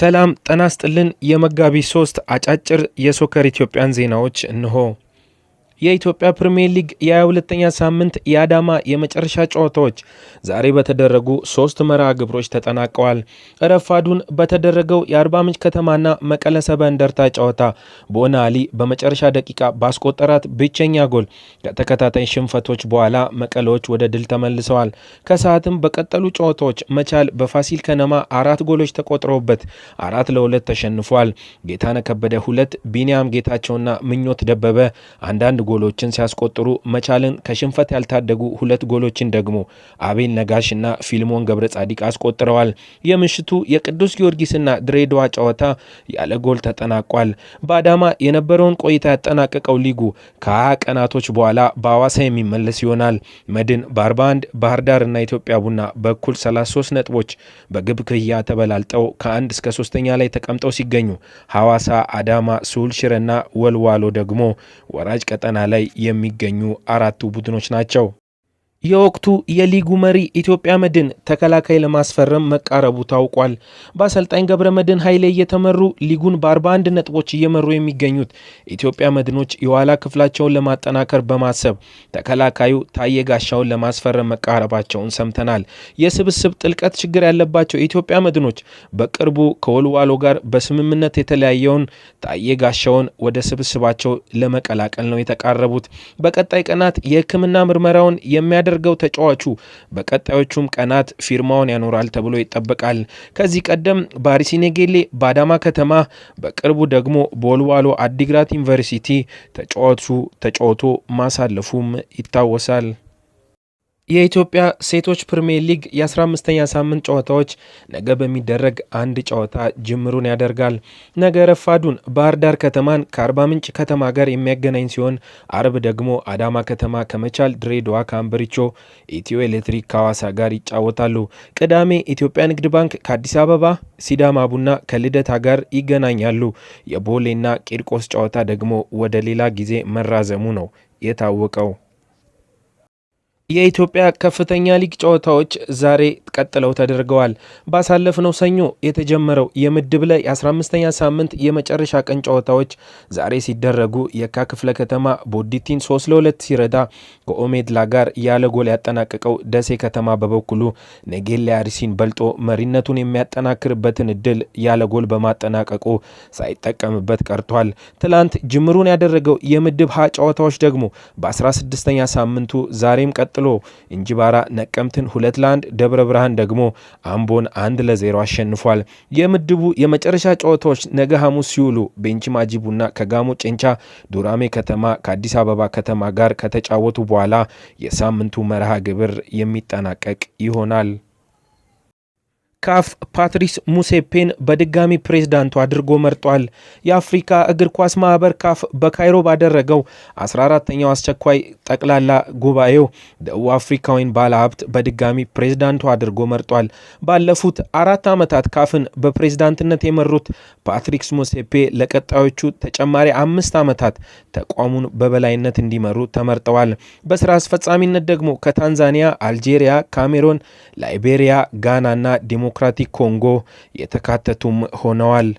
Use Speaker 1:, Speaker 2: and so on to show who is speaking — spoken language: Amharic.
Speaker 1: ሰላም ጠናስጥልን የመጋቢ ሶስት አጫጭር የሶከር ኢትዮጵያን ዜናዎች እንሆ። የኢትዮጵያ ፕሪምየር ሊግ የ22ኛ ሳምንት የአዳማ የመጨረሻ ጨዋታዎች ዛሬ በተደረጉ ሶስት መርሃ ግብሮች ተጠናቀዋል። ረፋዱን በተደረገው የአርባ ምንጭ ከተማና መቀለ ሰበ እንደርታ ጨዋታ ቦና አሊ በመጨረሻ ደቂቃ ባስቆጠራት ብቸኛ ጎል ከተከታታይ ሽንፈቶች በኋላ መቀለዎች ወደ ድል ተመልሰዋል። ከሰዓትም በቀጠሉ ጨዋታዎች መቻል በፋሲል ከነማ አራት ጎሎች ተቆጥረውበት አራት ለሁለት ተሸንፏል። ጌታነህ ከበደ ሁለት ቢኒያም ጌታቸውና ምኞት ደበበ አንዳንድ ጎሎችን ሲያስቆጥሩ መቻልን ከሽንፈት ያልታደጉ ሁለት ጎሎችን ደግሞ አቤል ነጋሽና ፊልሞን ገብረ ጻዲቅ አስቆጥረዋል። የምሽቱ የቅዱስ ጊዮርጊስና ድሬዳዋ ጨዋታ ያለ ጎል ተጠናቋል። በአዳማ የነበረውን ቆይታ ያጠናቀቀው ሊጉ ከ20 ቀናቶች በኋላ በአዋሳ የሚመለስ ይሆናል። መድን በ41 ባህር ዳርና ኢትዮጵያ ቡና በኩል 33 ነጥቦች በግብ ክያ ተበላልጠው ከአንድ እስከ ሶስተኛ ላይ ተቀምጠው ሲገኙ ሐዋሳ፣ አዳማ፣ ስሁል ሽረና ወልዋሎ ደግሞ ወራጅ ቀጠና ላይ የሚገኙ አራቱ ቡድኖች ናቸው። የወቅቱ የሊጉ መሪ ኢትዮጵያ መድን ተከላካይ ለማስፈረም መቃረቡ ታውቋል። በአሰልጣኝ ገብረ መድን ኃይሌ እየተመሩ ሊጉን በ41 ነጥቦች እየመሩ የሚገኙት ኢትዮጵያ መድኖች የኋላ ክፍላቸውን ለማጠናከር በማሰብ ተከላካዩ ታየ ጋሻውን ለማስፈረም መቃረባቸውን ሰምተናል። የስብስብ ጥልቀት ችግር ያለባቸው ኢትዮጵያ መድኖች በቅርቡ ከወልዋሎ ጋር በስምምነት የተለያየውን ታየ ጋሻውን ወደ ስብስባቸው ለመቀላቀል ነው የተቃረቡት። በቀጣይ ቀናት የሕክምና ምርመራውን የሚያደ የሚያደርገው ተጫዋቹ በቀጣዮቹም ቀናት ፊርማውን ያኖራል ተብሎ ይጠበቃል። ከዚህ ቀደም ባሪሲኔጌሌ በአዳማ ከተማ፣ በቅርቡ ደግሞ በወልዋሎ አዲግራት ዩኒቨርሲቲ ተጫዋቹ ተጫውቶ ማሳለፉም ይታወሳል። የኢትዮጵያ ሴቶች ፕሪምየር ሊግ የ15ኛ ሳምንት ጨዋታዎች ነገ በሚደረግ አንድ ጨዋታ ጅምሩን ያደርጋል። ነገ ረፋዱን ባህር ዳር ከተማን ከአርባ ምንጭ ከተማ ጋር የሚያገናኝ ሲሆን አርብ ደግሞ አዳማ ከተማ ከመቻል፣ ድሬዳዋ ከአምበሪቾ፣ ኢትዮ ኤሌክትሪክ ከሐዋሳ ጋር ይጫወታሉ። ቅዳሜ ኢትዮጵያ ንግድ ባንክ ከአዲስ አበባ፣ ሲዳማ ቡና ከልደታ ጋር ይገናኛሉ። የቦሌና ቂርቆስ ጨዋታ ደግሞ ወደ ሌላ ጊዜ መራዘሙ ነው የታወቀው። የኢትዮጵያ ከፍተኛ ሊግ ጨዋታዎች ዛሬ ቀጥለው ተደርገዋል። ባሳለፍነው ሰኞ የተጀመረው የምድብ ላይ 15ኛ ሳምንት የመጨረሻ ቀን ጨዋታዎች ዛሬ ሲደረጉ የካ ክፍለ ከተማ ቦዲቲን 3 ለ2 ሲረዳ ከኦሜድላ ጋር ያለ ጎል ያጠናቀቀው ደሴ ከተማ በበኩሉ ነጌሌ አርሲን በልጦ መሪነቱን የሚያጠናክርበትን እድል ያለ ጎል በማጠናቀቁ ሳይጠቀምበት ቀርቷል። ትላንት ጅምሩን ያደረገው የምድብ ሀ ጨዋታዎች ደግሞ በ16ኛ ሳምንቱ ዛሬም ቀጥ ቀጥሎ እንጅባራ ነቀምትን ሁለት ለአንድ ደብረ ብርሃን ደግሞ አምቦን አንድ ለዜሮ አሸንፏል። የምድቡ የመጨረሻ ጨዋታዎች ነገ ሐሙስ ሲውሉ ቤንች ማጂ ቡና ከጋሞ ጭንቻ፣ ዱራሜ ከተማ ከአዲስ አበባ ከተማ ጋር ከተጫወቱ በኋላ የሳምንቱ መርሃ ግብር የሚጠናቀቅ ይሆናል።
Speaker 2: ካፍ ፓትሪስ ሙሴፔን በድጋሚ ፕሬዝዳንቱ አድርጎ መርጧል። የአፍሪካ እግር ኳስ ማህበር ካፍ በካይሮ ባደረገው 14ተኛው አስቸኳይ ጠቅላላ ጉባኤው ደቡብ አፍሪካዊን ባለሀብት በድጋሚ ፕሬዝዳንቱ አድርጎ መርጧል። ባለፉት አራት ዓመታት ካፍን በፕሬዝዳንትነት የመሩት ፓትሪክስ ሙሴፔ ለቀጣዮቹ ተጨማሪ አምስት ዓመታት ተቋሙን በበላይነት እንዲመሩ ተመርጠዋል። በስራ አስፈጻሚነት ደግሞ ከታንዛኒያ፣ አልጄሪያ፣ ካሜሮን፣ ላይቤሪያ፣ ጋና እና ዲሞ ዲሞክራቲክ ኮንጎ የተካተቱም ሆነዋል።